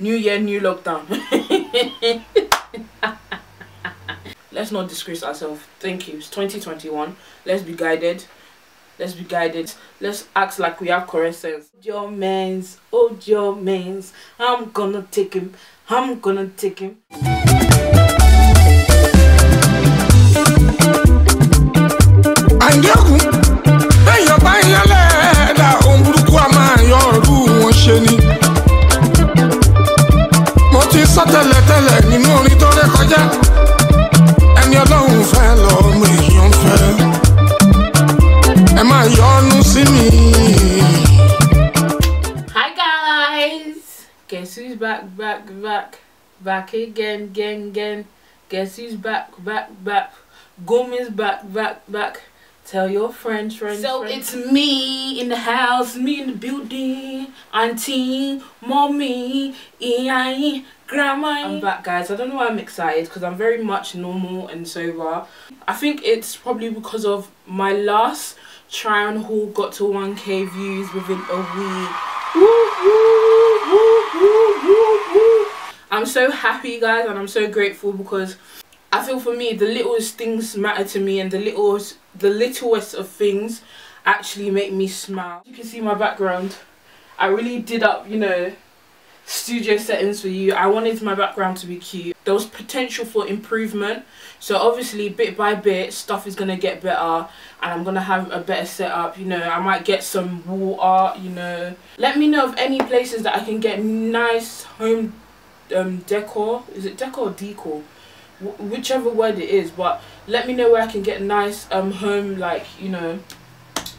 New year, new lockdown. Let's not disgrace ourselves. Thank you. It's 2021. Let's be guided. Let's be guided. Let's act like we have correct sense. Your mans, oh your mans. I'm gonna take him. I'm gonna take him. Hi guys, guess who's back back back back again again again guess who's back back back Gomi's back back back. Tell your friend, friend. So friend. it's me in the house, me in the building, auntie, mommy, EI, grandma. I'm back, guys. I don't know why I'm excited because I'm very much normal and sober. I think it's probably because of my last try on haul got to 1k views within a week. woo, I'm so happy, guys, and I'm so grateful because I feel for me the littlest things matter to me and the littlest the littlest of things actually make me smile. You can see my background. I really did up, you know, studio settings for you. I wanted my background to be cute. There was potential for improvement. So obviously, bit by bit, stuff is going to get better. And I'm going to have a better setup. You know, I might get some wall art, you know. Let me know of any places that I can get nice home um, decor. Is it decor or decor? Wh whichever word it is. But let me know where I can get nice um home like you know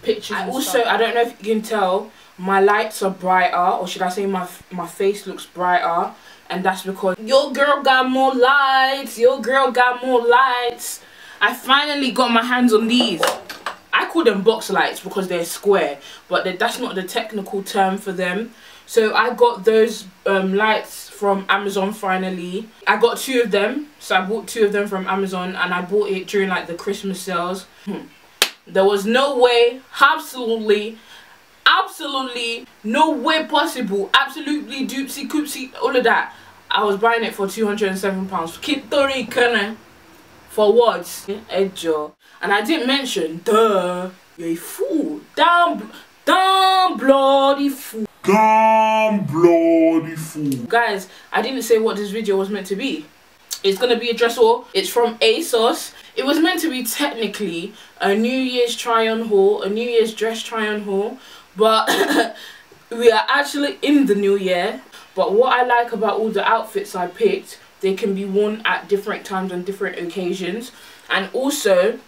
pictures. I also stuff. I don't know if you can tell my lights are brighter or should I say my my face looks brighter and that's because your girl got more lights. Your girl got more lights. I finally got my hands on these. I call them box lights because they're square, but that's not the technical term for them. So I got those um, lights from Amazon finally. I got two of them, so I bought two of them from Amazon and I bought it during like the Christmas sales. Hmm. There was no way, absolutely, absolutely, no way possible, absolutely doopsie coopsie, all of that. I was buying it for £207. Keep Tori I? for what? Edger. And I didn't mention, duh, you're a fool. Damn, Damn bloody fool. Damn bloody fool. Guys, I didn't say what this video was meant to be. It's gonna be a dress haul. It's from ASOS. It was meant to be technically a New Year's try on haul, a New Year's dress try on haul, but we are actually in the new year. But what I like about all the outfits I picked, they can be worn at different times on different occasions. And also,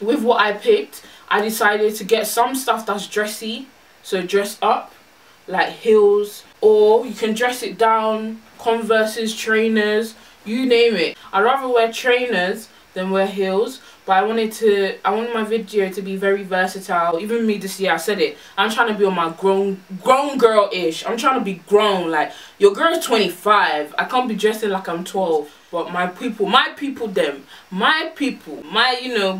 with what I picked, I decided to get some stuff that's dressy, so dress up, like heels, or you can dress it down, converses, trainers, you name it. I'd rather wear trainers than wear heels, but I wanted to, I wanted my video to be very versatile. Even me this year, I said it. I'm trying to be on my grown, grown girl-ish. I'm trying to be grown. Like, your girl's 25. I can't be dressing like I'm 12. But my people, my people them, my people, my, you know,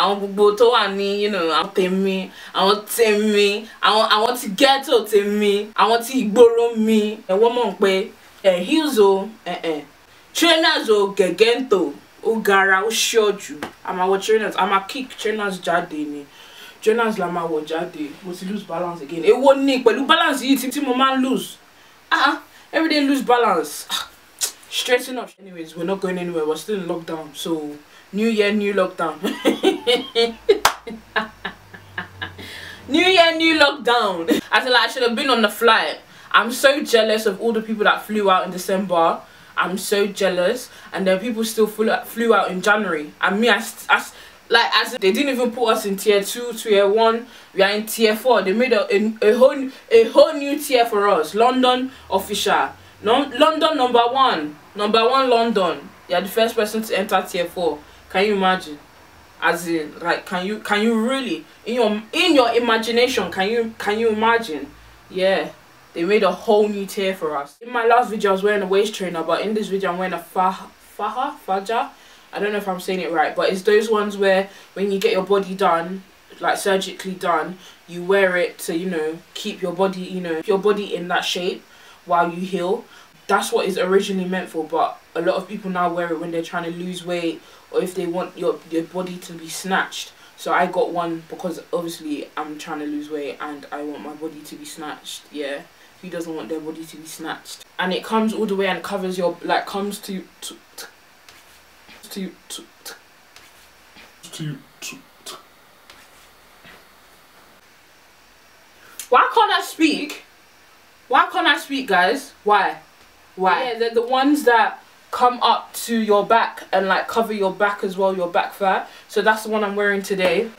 àwọn gbogbo tó wà ní you know àwọn tèmi àwọn tèmi àwọn àwọn ti ghetto tèmi àwọn ti ìgboro mi ẹ̀wọ́n mọ̀ pé ẹ̀ heels o ẹ̀ ẹ̀ trainers o gẹ̀gẹ́ ń tò ó gara ó ṣọ́ọ̀jù a máa wọ trainers a kick trainers jáde ni trainers la máa wọ̀ jáde mo ti lose balance again èwo ni pẹ̀lú balance yìí tí mo máa ń lose ah everyday lose balance ah stressing up anyways we're not going anywhere we're still in lockdown so. New year, new lockdown. new year, new lockdown. I feel like I should have been on the flight. I'm so jealous of all the people that flew out in December. I'm so jealous. And then people still flew, flew out in January. And me, I, I like as they didn't even put us in tier two, tier one. We are in tier four. They made a, a, a whole a whole new tier for us. London official. No, London number one. Number one London. You're the first person to enter tier four. Can you imagine? As in, like, can you can you really in your in your imagination? Can you can you imagine? Yeah, they made a whole new tier for us. In my last video, I was wearing a waist trainer, but in this video, I'm wearing a faha faja I don't know if I'm saying it right, but it's those ones where when you get your body done, like surgically done, you wear it to you know keep your body you know your body in that shape while you heal. That's what it's originally meant for, but a lot of people now wear it when they're trying to lose weight or if they want your your body to be snatched. So I got one because obviously I'm trying to lose weight and I want my body to be snatched. Yeah, who doesn't want their body to be snatched? And it comes all the way and covers your like comes to to to to to, to, to, to. Why can't I speak? Why can't I speak, guys? Why? Why? Yeah, they're the ones that come up to your back and like cover your back as well, your back fat. So that's the one I'm wearing today.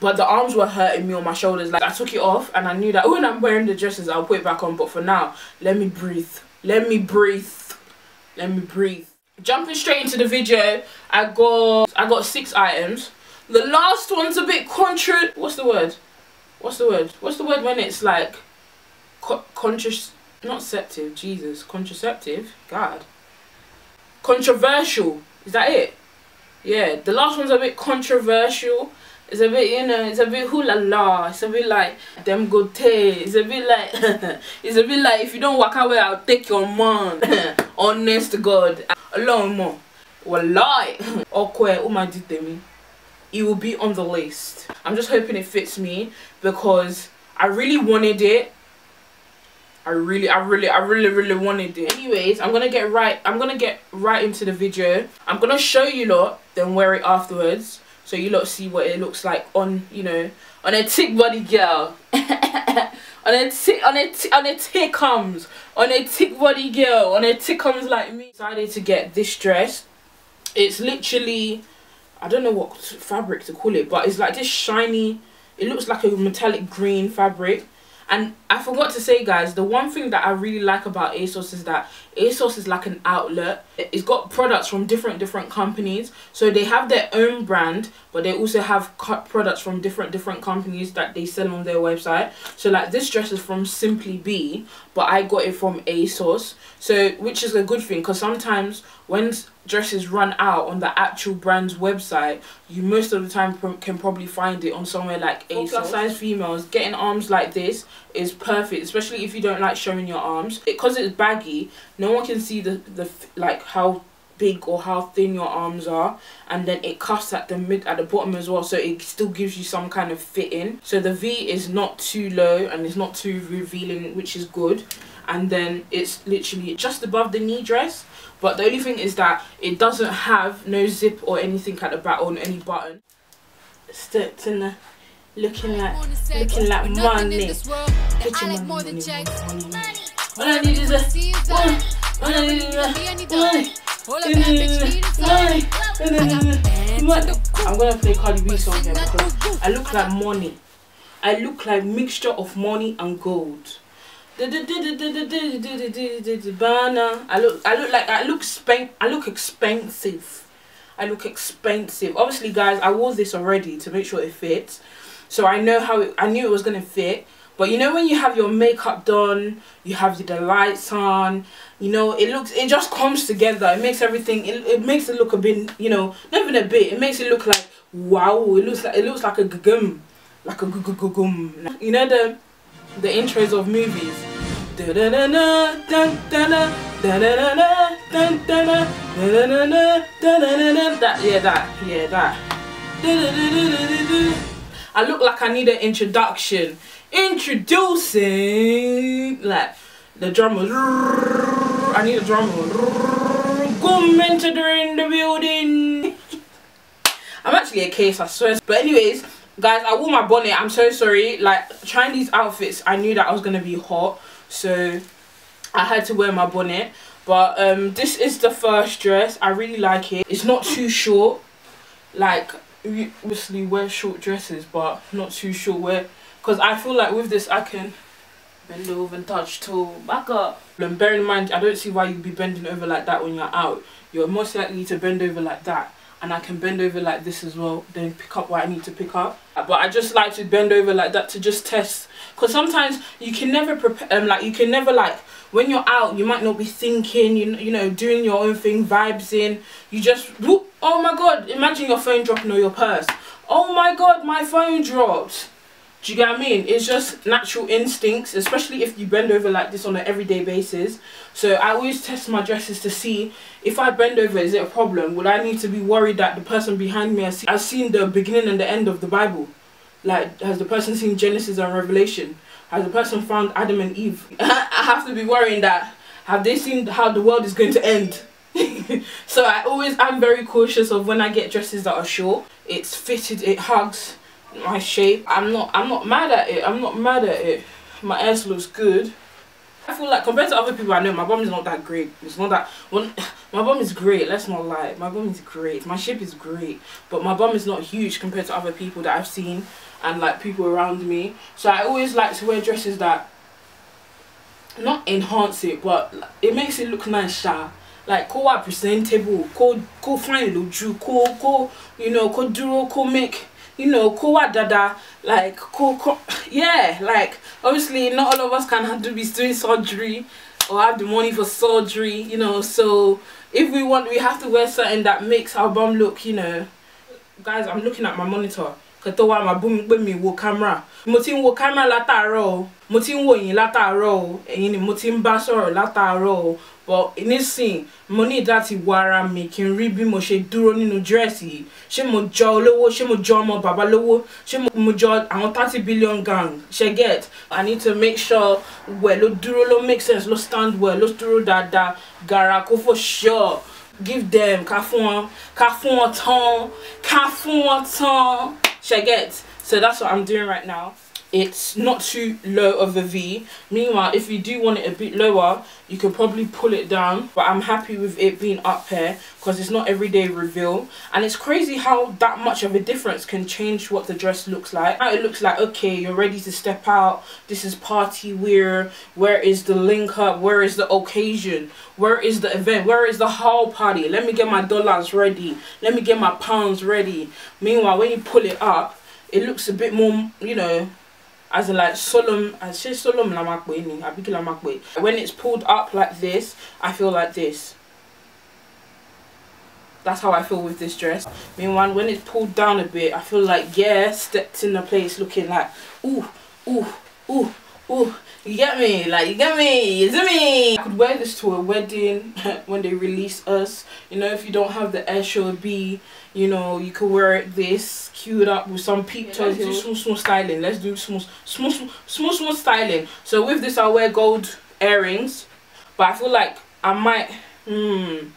But the arms were hurting me on my shoulders. Like I took it off and I knew that when I'm wearing the dresses, I'll put it back on. But for now, let me breathe. Let me breathe. Let me breathe. Jumping straight into the video, I got I got six items. The last one's a bit contra. What's the word? What's the word? What's the word when it's like co contraceptive? Not septive. Jesus, contraceptive. God controversial. Is that it? Yeah, the last one's a bit controversial. It's a bit, you know, it's a bit hula la. It's a bit like them go te. It's a bit like, it's a bit like if you don't walk away, I'll take your man. Honest to God, alone more. Wallahi, okwe umaditemi. It will be on the list. I'm just hoping it fits me because I really wanted it I really, I really, I really, really wanted it. Anyways, I'm gonna get right, I'm gonna get right into the video. I'm gonna show you lot, then wear it afterwards. So you lot see what it looks like on, you know, on a tick body girl. on a tick, on a tick, on a tick comes. On a tick body girl, on a tick comes like me. Decided to get this dress. It's literally, I don't know what fabric to call it, but it's like this shiny, it looks like a metallic green fabric and I forgot to say guys, the one thing that I really like about ASOS is that ASOS is like an outlet. It's got products from different different companies. So they have their own brand, but they also have products from different different companies that they sell on their website. So like this dress is from Simply Be, but I got it from ASOS. So which is a good thing because sometimes when dresses run out on the actual brand's website, you most of the time pr can probably find it on somewhere like ASOS. Plus size females getting arms like this is perfect especially if you don't like showing your arms because it's baggy no one can see the the like how big or how thin your arms are and then it cuffs at the mid at the bottom as well so it still gives you some kind of fitting so the v is not too low and it's not too revealing which is good and then it's literally just above the knee dress but the only thing is that it doesn't have no zip or anything at the back or any button it's in there looking like looking like money. Put your money, money, money, money. All I need is a money. All I need is a money. I'm gonna play Cardi B song here because I look like money. I look like mixture of money and gold. I look I look like I look spank I look expensive. I look expensive. Obviously guys I wore this already to make sure it fits so I know how, it, I knew it was going to fit. But you know when you have your makeup done, you have the lights on, you know, it looks, it just comes together. It makes everything, it, it makes it look a bit, you know, not even a bit, it makes it look like, wow, it looks like, it looks like a gugum, like a gugugugum. You know the, the intros of movies. That, yeah, that, yeah, that. I look like I need an introduction. Introducing, like, the drum was, I need a drum Government in the building. I'm actually a case, I swear. But anyways, guys, I wore my bonnet. I'm so sorry. Like, trying these outfits, I knew that I was going to be hot. So, I had to wear my bonnet. But um, this is the first dress. I really like it. It's not too short. Like, obviously wear short dresses, but not too sure where. Because I feel like with this, I can bend over and touch till back up. And bear in mind, I don't see why you'd be bending over like that when you're out. You're most likely to bend over like that. And I can bend over like this as well, then pick up what I need to pick up. But I just like to bend over like that to just test. Because sometimes you can never prepare, um, like you can never like, when you're out, you might not be thinking, you, you know, doing your own thing, vibes in. You just, whoop, Oh my god, imagine your phone dropping or your purse. Oh my god, my phone dropped. Do you get what I mean? It's just natural instincts, especially if you bend over like this on an everyday basis. So I always test my dresses to see if I bend over, is it a problem? Will I need to be worried that the person behind me has, see has seen the beginning and the end of the Bible? Like, has the person seen Genesis and Revelation? Has the person found Adam and Eve? I have to be worrying that, have they seen how the world is going to end? so I always I'm very cautious of when I get dresses that are short. It's fitted, it hugs my shape. I'm not I'm not mad at it. I'm not mad at it. My ass looks good. I feel like compared to other people I know, my bum is not that great. It's not that one. My bum is great. Let's not lie. My bum is great. My shape is great, but my bum is not huge compared to other people that I've seen and like people around me. So I always like to wear dresses that not enhance it, but it makes it look nice. like kó wà presentable kó kó fine loju, kó kó you know kó duro kó make you know kó wà dáadáa like kó kó yeah like obviously not all of us can have to be doing surgery or have the money for surgery you know so if we want we have to wear something that makes our bum look you know guys i'm looking at my monitor kẹtọ wa máa bú mi pé mi wo camera mo ti wo camera lataro o mo ti ń wo yín látàárọ̀ o ni mo ti ń bá sọ̀rọ̀ but nísìn mo ní láti wo ara mi kí n rí bí mo ṣe dúró nínú dírẹ́sì yìí ṣé mo jọ olówó ṣé mo jọ ọmọ bàbá lówó ṣé mo jọ àwọn thirty billion gang ṣe get i need to make sure wẹ̀ ló dúró ló make sense ló stand well ló dúró dáadáa gàrà kó for sure give them ká fún wọn ká fún wọn tán ká fún wọn tán ṣe get so that's what i'm doing right now. it's not too low of a V. Meanwhile, if you do want it a bit lower, you could probably pull it down. But I'm happy with it being up here because it's not everyday reveal. And it's crazy how that much of a difference can change what the dress looks like. it looks like, okay, you're ready to step out. This is party wear. Where is the link up? Where is the occasion? Where is the event? Where is the hall party? Let me get my dollars ready. Let me get my pounds ready. Meanwhile, when you pull it up, it looks a bit more, you know, as a like solemn as say solemn la máa pè ní when it's pulled up like this I feel like this that's how I feel with this dress meanwhile when it's pulled down a bit I feel like yeah stepped in the place looking like ooh ooh ooh ooh you get me like you get me you see me I could wear this to a wedding when they release us you know if you don't have the air show B you know, you could wear it this, queued up with some pictures, yeah, do small, small styling. Let's do small, small, small, small, small styling. So with this, I'll wear gold earrings, but I feel like I might, hmm.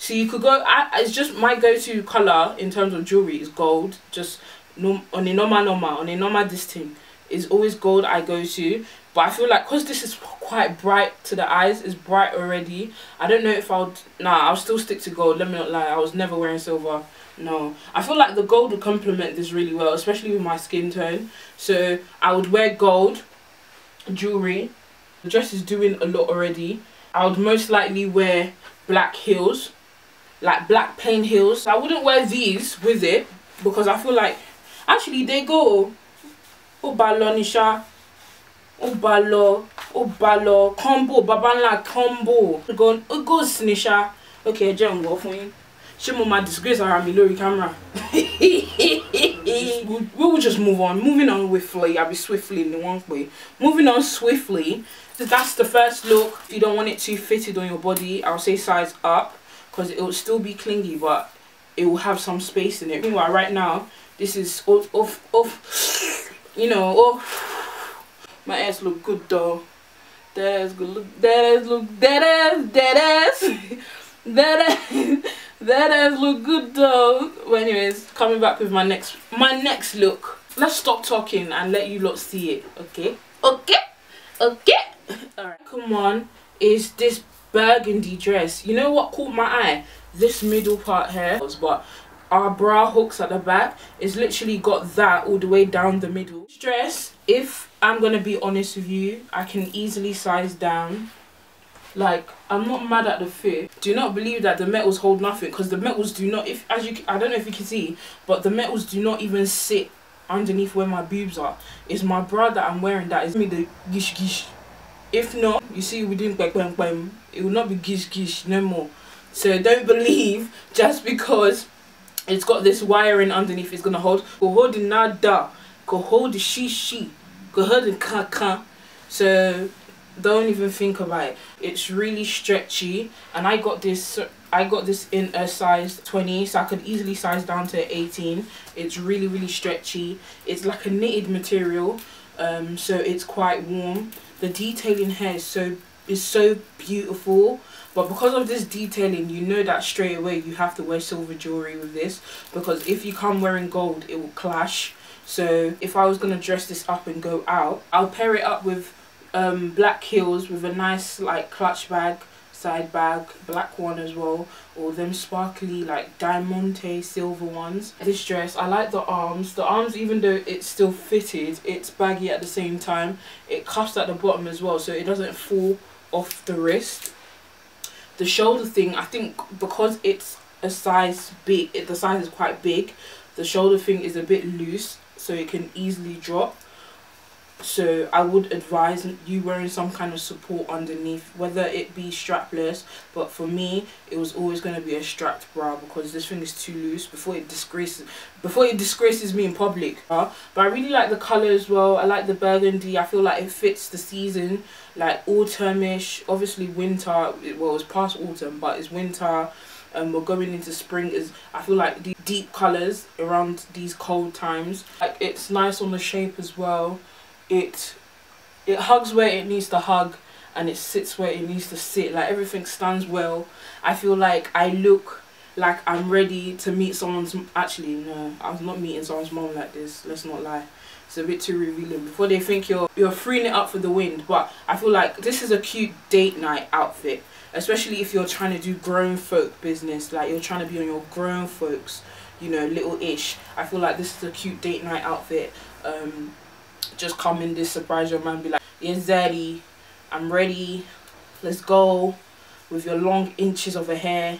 So you could go, I, it's just my go-to colour in terms of jewellery is gold, just on a normal, normal, on a normal this thing is always gold I go to. But I feel like because this is quite bright to the eyes, it's bright already. I don't know if I'll, nah, I'll still stick to gold, let me not lie. I was never wearing silver no, I feel like the gold would complement this really well, especially with my skin tone. So I would wear gold jewelry. The dress is doing a lot already. I would most likely wear black heels, like black plain heels. I wouldn't wear these with it because I feel like actually they go. Oh, balonisha. Oh, balo. Oh, balo. Combo. Babanla combo. It goes, it goes, Okay, Jen, go for you ṣé my disgrace around mi lórí camera we will just move on moving on swiftly be swiftly in the one way, moving on swiftly that's the first look if you don't want it too fitted on your body I'll say size up because it will still be clingy but it will have some space in it meanwhile right now this is off off off you know off my ass look good though Dead ass good look dead ass look ass Dead ass that that does look good though. Well, anyways, coming back with my next my next look. Let's stop talking and let you lot see it. Okay. Okay. Okay. All right. Come on. Is this burgundy dress? You know what caught my eye? This middle part here. But our bra hooks at the back is literally got that all the way down the middle. This dress, if I'm gonna be honest with you, I can easily size down like, I'm not mad at the fear. Do not believe that the metals hold nothing because the metals do not, if as you, I don't know if you can see, but the metals do not even sit underneath where my boobs are. It's my bra that I'm wearing that is me the gish gish. If not, you see, we didn't bang bang It will not be gish gish no more. So don't believe just because it's got this wiring underneath it's gonna hold. Go hold nada. Go hold the she she. Go hold the ka ka. So don't even think about it it's really stretchy and i got this i got this in a size 20 so i could easily size down to 18 it's really really stretchy it's like a knitted material um, so it's quite warm the detailing here is so is so beautiful but because of this detailing you know that straight away you have to wear silver jewelry with this because if you come wearing gold it will clash so if i was going to dress this up and go out i'll pair it up with um, black heels with a nice like clutch bag side bag black one as well or them sparkly like diamante silver ones this dress i like the arms the arms even though it's still fitted it's baggy at the same time it cuffs at the bottom as well so it doesn't fall off the wrist the shoulder thing i think because it's a size big it, the size is quite big the shoulder thing is a bit loose so it can easily drop so I would advise you wearing some kind of support underneath whether it be strapless but for me it was always going to be a strapped bra because this thing is too loose before it disgraces before it disgraces me in public uh, but I really like the colour as well I like the burgundy I feel like it fits the season like autumnish obviously winter well it's past autumn but it's winter and um, we're going into spring is I feel like the deep colours around these cold times like it's nice on the shape as well it it hugs where it needs to hug and it sits where it needs to sit like everything stands well i feel like i look like i'm ready to meet someone's actually no i'm not meeting someone's mom like this let's not lie it's a bit too revealing before they think you're you're freeing it up for the wind but i feel like this is a cute date night outfit especially if you're trying to do grown folk business like you're trying to be on your grown folks you know little ish i feel like this is a cute date night outfit um just come in this surprise your man be like yes daddy i'm ready let's go with your long inches of a hair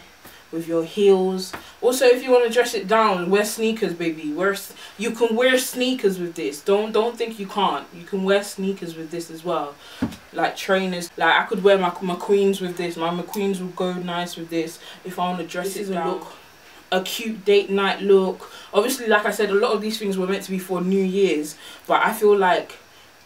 with your heels also if you want to dress it down wear sneakers baby wear you can wear sneakers with this don't don't think you can't you can wear sneakers with this as well like trainers like i could wear my, my queens with this my, my queens would go nice with this if i want to dress this it down look a cute date night look obviously like i said a lot of these things were meant to be for new year's but i feel like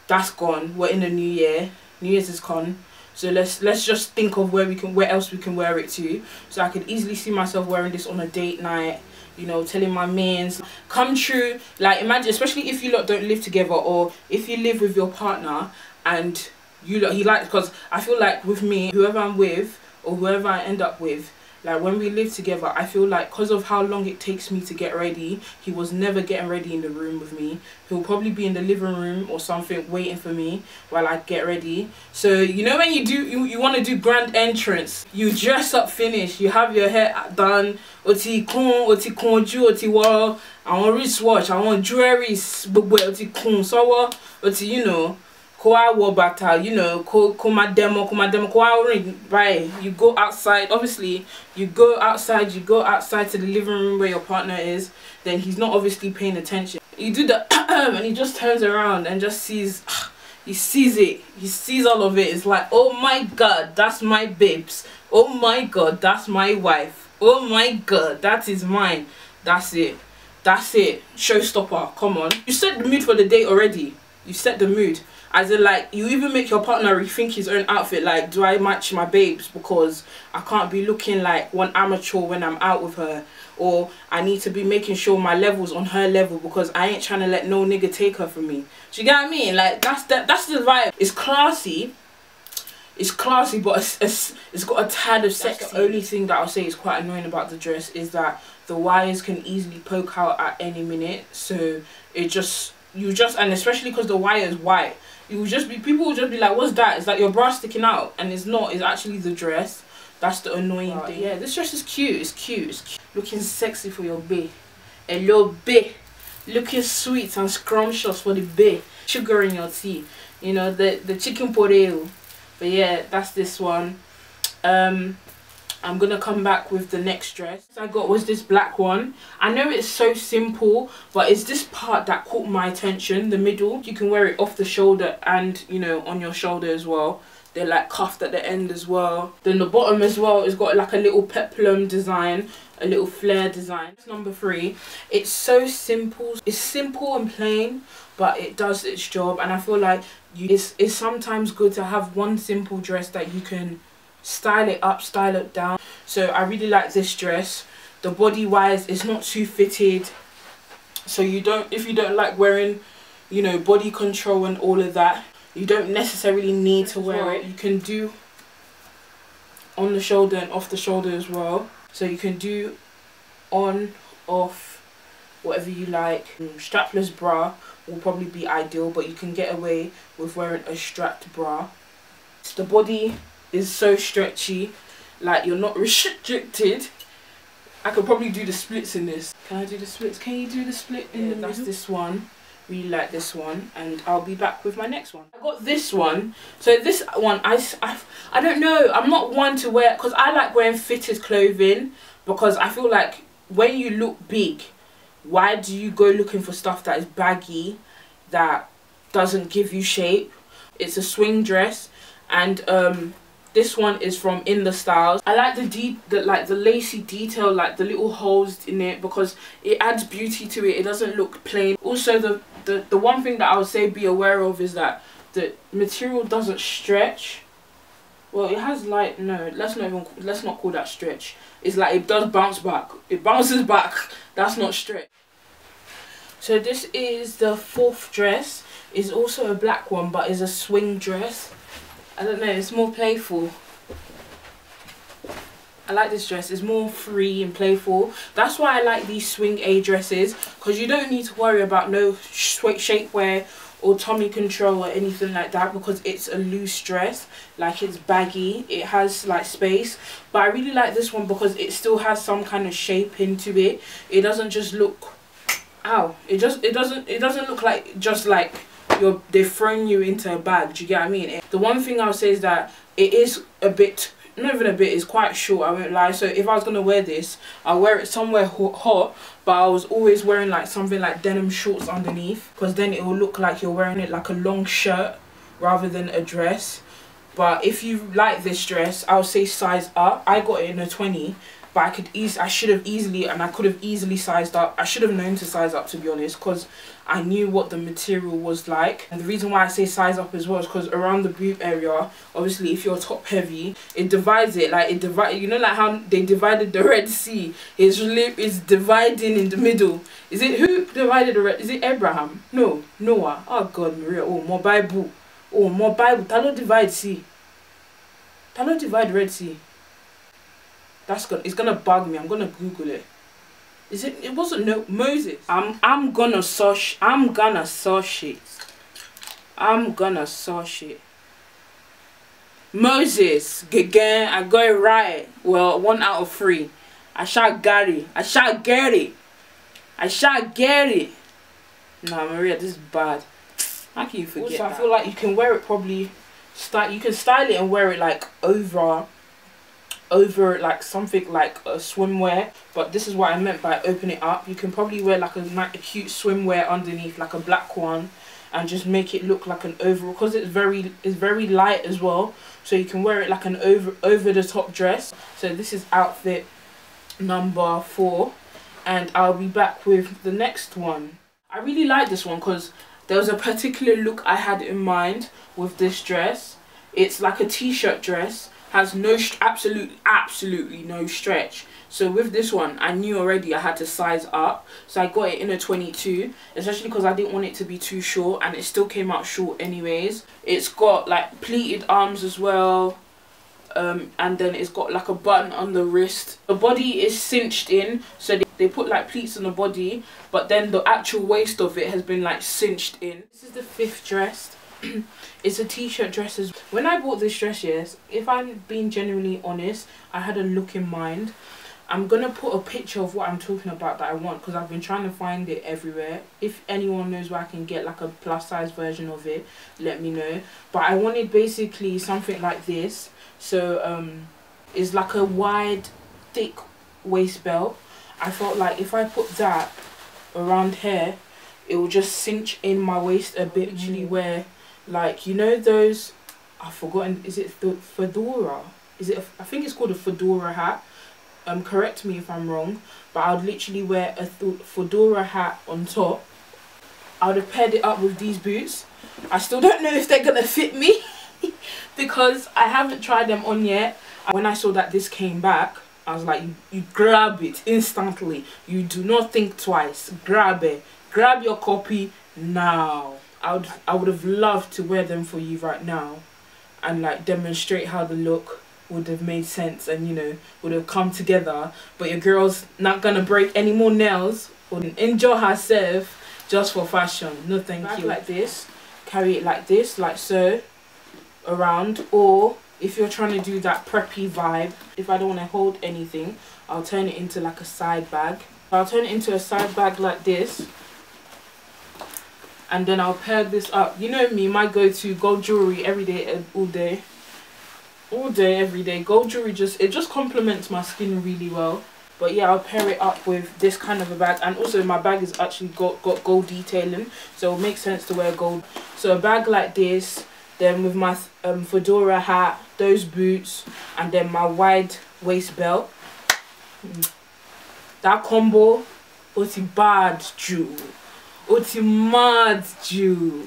that's gone we're in the new year new year's is gone so let's let's just think of where we can where else we can wear it to so i could easily see myself wearing this on a date night you know telling my mans come true like imagine especially if you lot don't live together or if you live with your partner and you lot he likes because i feel like with me whoever i'm with or whoever i end up with like when we lived together i feel like because of how long it takes me to get ready he was never getting ready in the room with me he'll probably be in the living room or something waiting for me while i get ready so you know when you do you, you want to do grand entrance you dress up finish you have your hair done oti kun oti kunju oti woro i want wristwatch i want jewelry but oti kun so what oti you know ko a you know Kuma dẹmọ Kuma dẹmọ Kwa a right you go outside obviously you go outside you go outside to the living room where your partner is then he's not obviously paying attention you do the and he just turns around and just sees he sees it he sees all of it it's like oh my god that's my babes oh my god that's my wife oh my god that is mine that's it that's it showstopper come on you set the mood for the date already you set the mood as in like you even make your partner rethink his own outfit like do i match my babes because i can't be looking like one amateur when i'm out with her or i need to be making sure my levels on her level because i ain't trying to let no nigga take her from me do you get what i mean like that's that that's the vibe it's classy it's classy but it's, it's, it's got a tad of sex that's the only thing that i'll say is quite annoying about the dress is that the wires can easily poke out at any minute so it just you just and especially because the wire is white you will just be people will just be like what's that it's like your bra sticking out and it's not it's actually the dress that's the annoying right. thing yeah this dress is cute it's cute it's cute looking sexy for your bae hello bae looking sweet and scrumptious for the bae sugar in your tea you know the the chicken poreo but yeah that's this one um I'm gonna come back with the next dress I got was this black one I know it's so simple but it's this part that caught my attention the middle you can wear it off the shoulder and you know on your shoulder as well they're like cuffed at the end as well then the bottom as well it's got like a little peplum design a little flare design number three it's so simple it's simple and plain but it does its job and I feel like you, it's, it's sometimes good to have one simple dress that you can style it up style it down so I really like this dress the body wise is not too fitted so you don't if you don't like wearing you know body control and all of that you don't necessarily need to wear it you can do on the shoulder and off the shoulder as well so you can do on off whatever you like mm, strapless bra will probably be ideal but you can get away with wearing a strapped bra It's the body is so stretchy. Like you're not restricted. I could probably do the splits in this. Can I do the splits? Can you do the split in yeah, the That's this one. Really like this one, and I'll be back with my next one. I got this one. So this one, I, I, I don't know. I'm not one to wear because I like wearing fitted clothing because I feel like when you look big, why do you go looking for stuff that is baggy, that doesn't give you shape? It's a swing dress, and um, this one is from in the styles i like the deep the like the lacy detail like the little holes in it because it adds beauty to it it doesn't look plain also the the, the one thing that i would say be aware of is that the material doesn't stretch well it has like no let's not even let's not call that stretch it's like it does bounce back it bounces back that's not stretch so this is the fourth dress is also a black one but is a swing dress I don't know, it's more playful. I like this dress. It's more free and playful. That's why I like these swing A dresses because you don't need to worry about no sh shapewear or tummy control or anything like that because it's a loose dress. Like it's baggy. It has like space. But I really like this one because it still has some kind of shape into it. It doesn't just look... Ow. It just it doesn't it doesn't look like just like you're they're throwing you into a bag. Do you get what I mean? It, the one thing I'll say is that it is a bit not even a bit it's quite short i won't lie so if i was gonna wear this i'll wear it somewhere hot but i was always wearing like something like denim shorts underneath because then it will look like you're wearing it like a long shirt rather than a dress but if you like this dress i'll say size up i got it in a 20 but I could easily, I should have easily, and I could have easily sized up. I should have known to size up, to be honest, because I knew what the material was like. And the reason why I say size up as well is because around the boob area, obviously, if you're top heavy, it divides it. Like it divide, you know, like how they divided the Red Sea. His lip is dividing in the middle. Is it who divided the Red? Is it Abraham? No, Noah. Oh God, Maria. Oh, more Bible. Oh, more Bible. don't divide sea. don't divide Red Sea. That's gonna it's gonna bug me. I'm gonna Google it. Is it? It wasn't no Moses. I'm I'm gonna search. I'm gonna search it. I'm gonna search it. Moses, again, I got it right. Well, one out of three. I shot Gary. I shot Gary. I shot Gary. Nah, Maria, this is bad. How can you forget? Also, I feel like you can wear it probably. Start. You can style it and wear it like over over like something like a swimwear but this is what I meant by open it up you can probably wear like a, a cute swimwear underneath like a black one and just make it look like an overall because it's very it's very light as well so you can wear it like an over over the top dress so this is outfit number four and I'll be back with the next one I really like this one because there was a particular look I had in mind with this dress it's like a t-shirt dress has no absolute absolutely no stretch so with this one i knew already i had to size up so i got it in a 22 especially because i didn't want it to be too short and it still came out short anyways it's got like pleated arms as well um, and then it's got like a button on the wrist the body is cinched in so they, they put like pleats on the body but then the actual waist of it has been like cinched in this is the fifth dress it's a t-shirt dress as when I bought this dress yes if I'm being genuinely honest I had a look in mind I'm gonna put a picture of what I'm talking about that I want because I've been trying to find it everywhere if anyone knows where I can get like a plus size version of it let me know but I wanted basically something like this so um it's like a wide thick waist belt I felt like if I put that around here it will just cinch in my waist a bit mm -hmm. where like you know those I've forgotten is it the fedora is it a, I think it's called a fedora hat um correct me if I'm wrong but I would literally wear a fedora hat on top I would have paired it up with these boots I still don't know if they're gonna fit me because I haven't tried them on yet when I saw that this came back I was like you, you grab it instantly you do not think twice grab it grab your copy now I would I would have loved to wear them for you right now, and like demonstrate how the look would have made sense and you know would have come together. But your girl's not gonna break any more nails or injure herself just for fashion. No, thank you. Like this, carry it like this, like so, around. Or if you're trying to do that preppy vibe, if I don't want to hold anything, I'll turn it into like a side bag. I'll turn it into a side bag like this and then I'll pair this up you know me my go-to gold jewelry every day all day all day every day gold jewelry just it just complements my skin really well but yeah I'll pair it up with this kind of a bag and also my bag is actually got, got gold detailing so it makes sense to wear gold so a bag like this then with my um, fedora hat those boots and then my wide waist belt hmm. that combo was bad jewel ó ti mad Jew,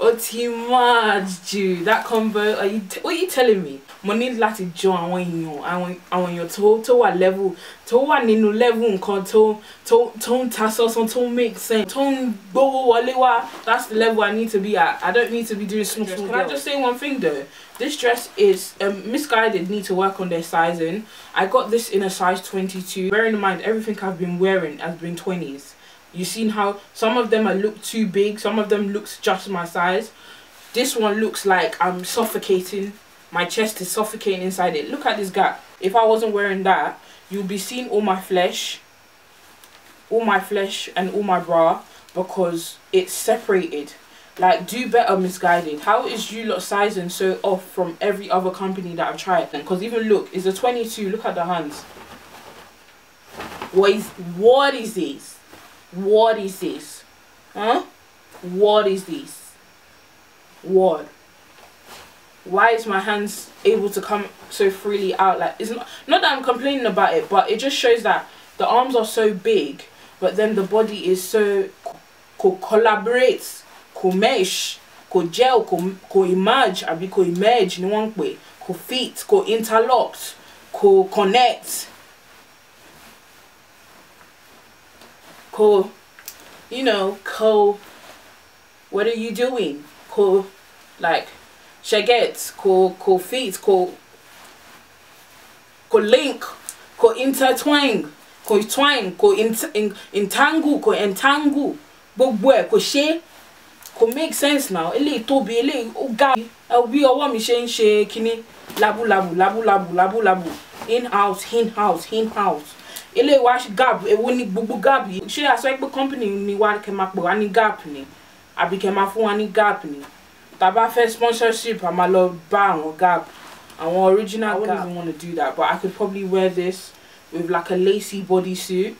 ó ti mad Jew. that combo, are you what are you telling me mo ní láti jọ àwọn èèyàn àwọn àwọn èèyàn tó tó wà level tó wà nínú level nǹkan tó tó tó ń ta sọ́sán tó ń make sense tó ń gbówó wọlé wá that's the level I need to be at I don't need to be doing small small girls. Can I just say one thing though this dress is um, misguided need to work on their sizing I got this in a size 22 bearing in mind everything I've been wearing has been 20s You've seen how some of them are look too big, some of them looks just my size. This one looks like I'm suffocating. My chest is suffocating inside it. Look at this gap. If I wasn't wearing that, you'll be seeing all my flesh, all my flesh and all my bra because it's separated. Like, do better, misguided. How is you lot sizing so off from every other company that I've tried? Because even look, it's a 22. Look at the hands. What is, what is this? What is this? Huh? What is this? What? Why is my hands able to come so freely out? Like, it's not, not that I'm complaining about it, but it just shows that the arms are so big, but then the body is so co collaborates, co mesh, co gel, co, co emerge, be co emerge, no one way, co fit, co interlocked, co connect. Co, you know, co, what are you doing? Co, like, shaget, co, co feet, co, co link, co intertwine, co twine, co entangle, co entangle, gbogbo ẹ̀ kò ṣe kò make sense now eléyìí tóbi eléyìí ó ga bí ọwọ́ mi ṣe ń ṣe kínní labulabu labulabu labulabu in house in house in house eléyìí wá ṣe gap èwo ni gbogbo gap yìí ṣé àṣọ company ni wá kẹ gap ni àbí kẹ fún wa ní gap ni tá bá fẹ́ sponsorship a lọ bá gap àwọn original gap I wouldn't even wanna do that but I could probably wear this with like a lacy bodysuit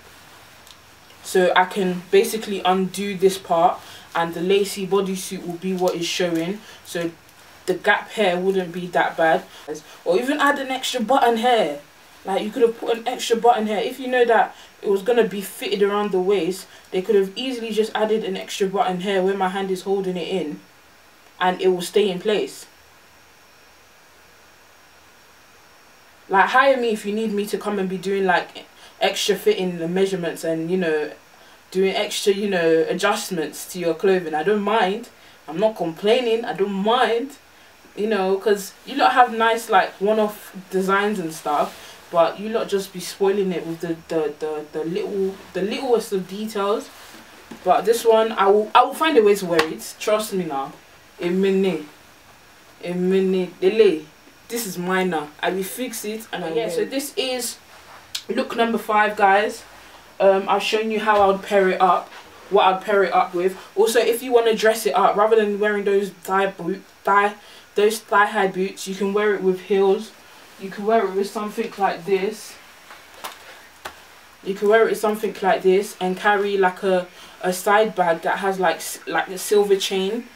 so I can basically undo this part and the lacy bodysuit will be what is showing so the gap hair wouldn't be that bad or even add an extra button hair like you could have put an extra button here. If you know that it was going to be fitted around the waist, they could have easily just added an extra button here where my hand is holding it in. And it will stay in place. Like hire me if you need me to come and be doing like extra fitting the measurements and you know doing extra you know adjustments to your clothing. I don't mind. I'm not complaining. I don't mind you know because you lot have nice like one-off designs and stuff but you lot just be spoiling it with the the the, the little the littlest of details but this one i will i will find a way to wear it trust me now a minute a minute delay this is minor i will fix it and I yeah so this is look number five guys um i've shown you how i would pair it up what i'd pair it up with also if you want to dress it up rather than wearing those thigh boot thigh those thigh high boots you can wear it with heels you can wear it with something like this you can wear it with something like this and carry like a a side bag that has like like a silver chain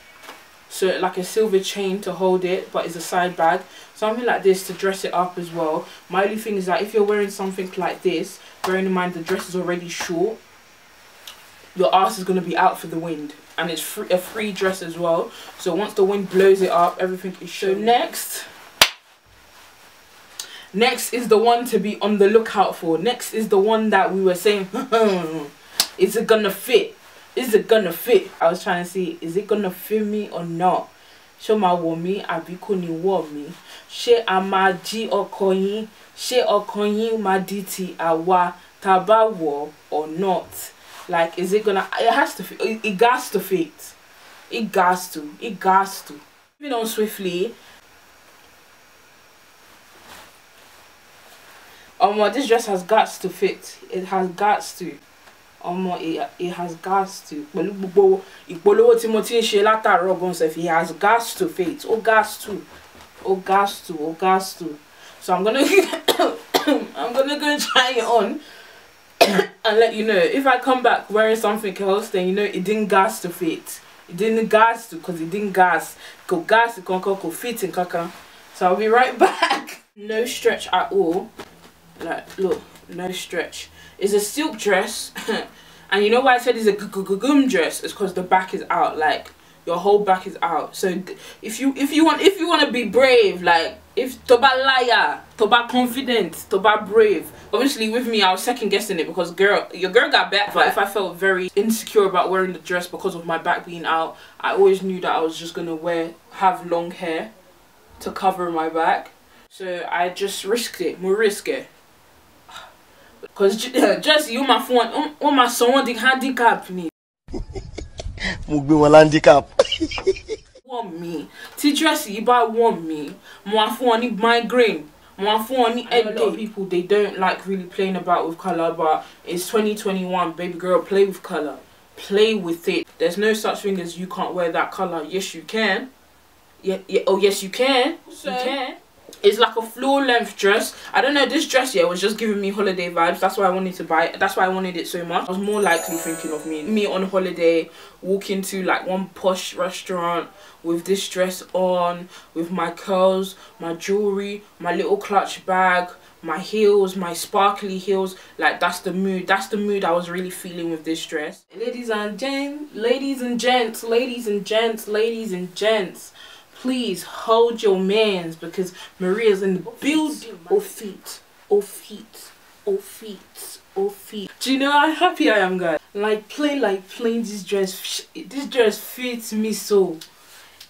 so like a silver chain to hold it but it's a side bag something like this to dress it up as well my only thing is that if you're wearing something like this bearing in mind the dress is already short your ass is going to be out for the wind and it's free, a free dress as well so once the wind blows it up everything is shown next Next is the one to be on the lookout for. Next is the one that we were saying, hmm, is it gonna fit? Is it gonna fit? I was trying to see, is it gonna fit me or not? show my woman i be àbí kò ní wọ̀ She ṣé a máa jí ọkọ yín ṣé ọkọ yín àwa tabawa or not like is it gonna it has to fit it, it has to fit it has to it has to. moving on swiftly my! this dress has guts to fit. It has guts to. It it has gas to pẹ̀lú gbogbo ìpolówó tí mo ti ń ṣe látàárọ̀ gan he has gas to fit. Oh gas to Oh gas to Oh gas to so i'm gonna i'm gonna go try it on and let you know if i come back wearing something else then you know it didn't gas to fit it didn't gas to cause it didn't gas Go gas go kò fit nkankan so i'll be right back no stretch at all look, no stretch. It's a silk dress. and you know why I said it's a gum dress? It's because the back is out. Like, your whole back is out. So if you if you want if you want to be brave, like if toba liar, toba confident, toba brave. Obviously with me, I was second guessing it because girl, your girl got back. But if I felt very insecure about wearing the dress because of my back being out, I always knew that I was just gonna wear have long hair to cover my back. So I just risked it, more risk it. Cause eh, just you my phone, all oh, oh, my son, the handicap me. Mo gbé handicap. Wọ́n me. tí dress yìí bá wọ́n mi, mo migraine. My phone, A lot of people they don't like really playing about with colour but it's 2021 baby girl play with colour. Play with it. There's no such thing as you can't wear that colour. Yes you can. Yeah, yeah, oh yes you can. So, you can it's like a floor length dress i don't know this dress yet. yeah, was just giving me holiday vibes that's why i wanted to buy it that's why i wanted it so much i was more likely thinking of me me on holiday walking to like one posh restaurant with this dress on with my curls my jewelry my little clutch bag my heels my sparkly heels like that's the mood that's the mood i was really feeling with this dress ladies and gents ladies and gents ladies and gents ladies and gents please hold your mans because Maria's in the building. Oh feet, oh feet, oh feet, oh feet. Do you know how happy I am, guys? Like plain, like plain. This dress, this dress fits me so.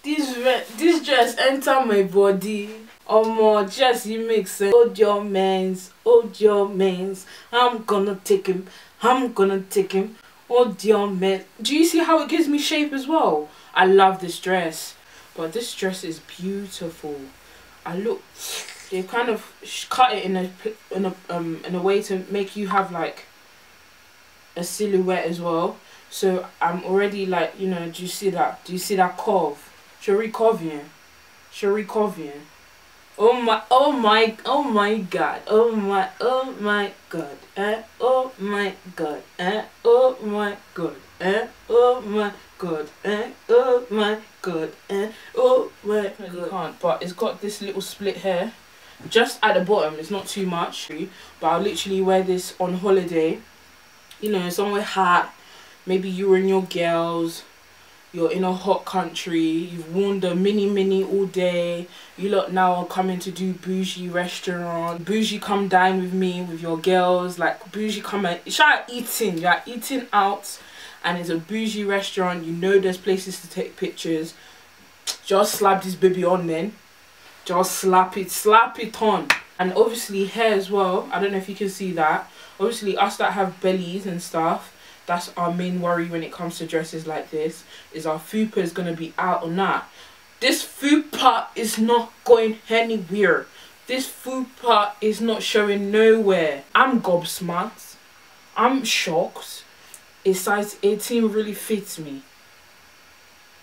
This this dress enter my body. Oh my, just you make sense. Hold your mans, hold your mans. I'm gonna take him. I'm gonna take him. Hold your man. Do you see how it gives me shape as well? I love this dress. But this dress is beautiful. I look, they kind of cut it in a in a um in a way to make you have like a silhouette as well. So I'm already like, you know, do you see that? Do you see that curve? Cherie Covian. Cherie Covian. Oh my, oh my, oh my god. Oh my, oh my god. Eh, oh my god. Eh, oh my god. Eh, oh my god. Eh, oh my Good. Eh? oh my god. You can't, but it's got this little split hair just at the bottom. It's not too much, but I'll literally wear this on holiday, you know, somewhere hot. Maybe you and your girls, you're in a hot country, you've worn the mini mini all day, you lot now are coming to do bougie restaurant, bougie come dine with me, with your girls, like bougie come and, shout eating, you're eating out and it's a bougie restaurant. You know there's places to take pictures. Just slap this baby on then. Just slap it, slap it on. And obviously hair as well. I don't know if you can see that. Obviously us that have bellies and stuff, that's our main worry when it comes to dresses like this. Is our fupa is going to be out or not. This fupa is not going anywhere. This fupa is not showing nowhere. I'm gobsmacked. I'm shocked a size 18 really fits me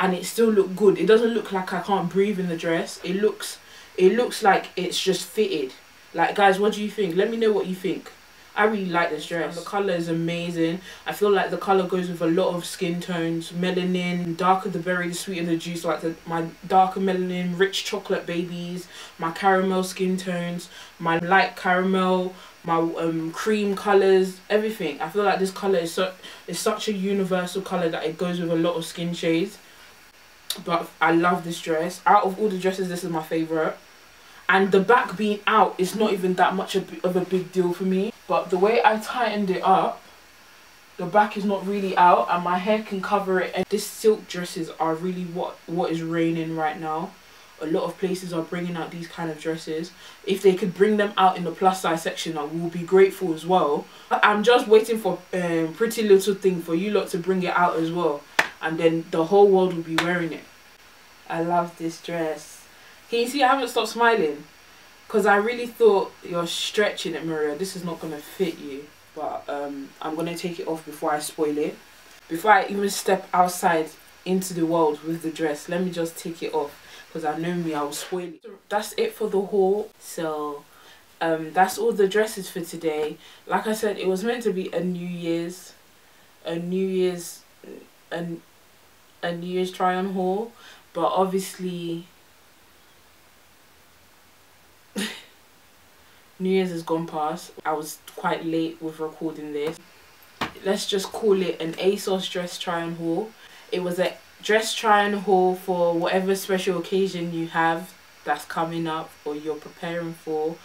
and it still look good it doesn't look like i can't breathe in the dress it looks it looks like it's just fitted like guys what do you think let me know what you think i really like this dress the color is amazing i feel like the color goes with a lot of skin tones melanin darker the berry the sweeter the juice like the, my darker melanin rich chocolate babies my caramel skin tones my light caramel my um, cream colours, everything. I feel like this colour is, so, is such a universal colour that it goes with a lot of skin shades. But I love this dress. Out of all the dresses, this is my favourite. And the back being out is not even that much of a big deal for me. But the way I tightened it up, the back is not really out and my hair can cover it. And these silk dresses are really what, what is raining right now a lot of places are bringing out these kind of dresses. If they could bring them out in the plus size section, I will be grateful as well. I'm just waiting for um, Pretty Little Thing for you lot to bring it out as well. And then the whole world will be wearing it. I love this dress. Can you see I haven't stopped smiling? Because I really thought you're stretching it, Maria. This is not going to fit you. But um, I'm going to take it off before I spoil it. Before I even step outside into the world with the dress, let me just take it off because I know me, I was spoil That's it for the haul. So um, that's all the dresses for today. Like I said, it was meant to be a New Year's, a New Year's, an, a New Year's try on haul, but obviously New Year's has gone past. I was quite late with recording this. Let's just call it an ASOS dress try on haul. It was a dress try and haul for whatever special occasion you have that's coming up or you're preparing for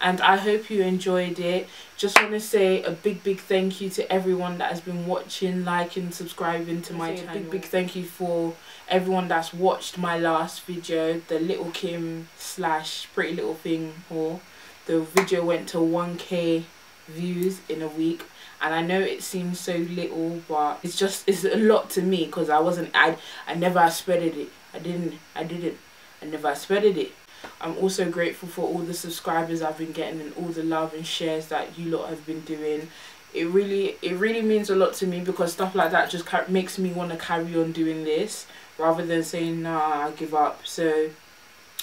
and I hope you enjoyed it just want to say a big big thank you to everyone that has been watching liking subscribing to I my channel big big thank you for everyone that's watched my last video the little Kim slash pretty little thing haul the video went to 1k views in a week and I know it seems so little but it's just it's a lot to me because I wasn't I I never spreaded it I didn't I didn't I never spreaded it I'm also grateful for all the subscribers I've been getting and all the love and shares that you lot have been doing it really it really means a lot to me because stuff like that just makes me want to carry on doing this rather than saying nah I give up so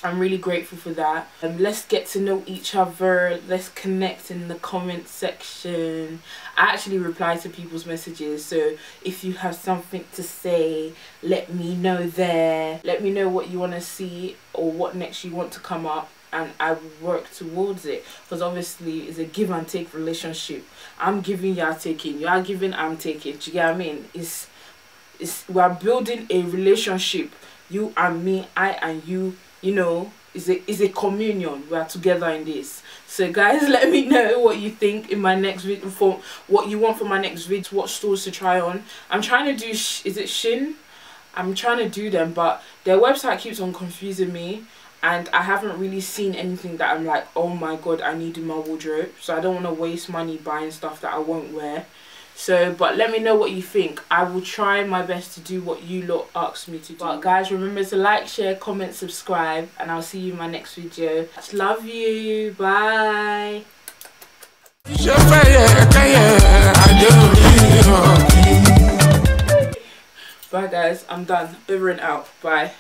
I'm really grateful for that. Um, let's get to know each other. Let's connect in the comment section. I actually reply to people's messages. So if you have something to say, let me know there. Let me know what you want to see or what next you want to come up and I work towards it because obviously it's a give and take relationship. I'm giving, you're taking. You are giving, I'm taking. Do you get what I mean? It's, it's, we're building a relationship. You and me, I and you, you know is a is a communion we are together in this so guys let me know what you think in my next video for what you want for my next video what stores to try on i'm trying to do is it shin i'm trying to do them but their website keeps on confusing me and i haven't really seen anything that i'm like oh my god i need in my wardrobe so i don't want to waste money buying stuff that i won't wear so, but let me know what you think. I will try my best to do what you lot asked me to do. But guys, remember to like, share, comment, subscribe, and I'll see you in my next video. Just love you. Bye. Bye guys, I'm done. Over and out. Bye.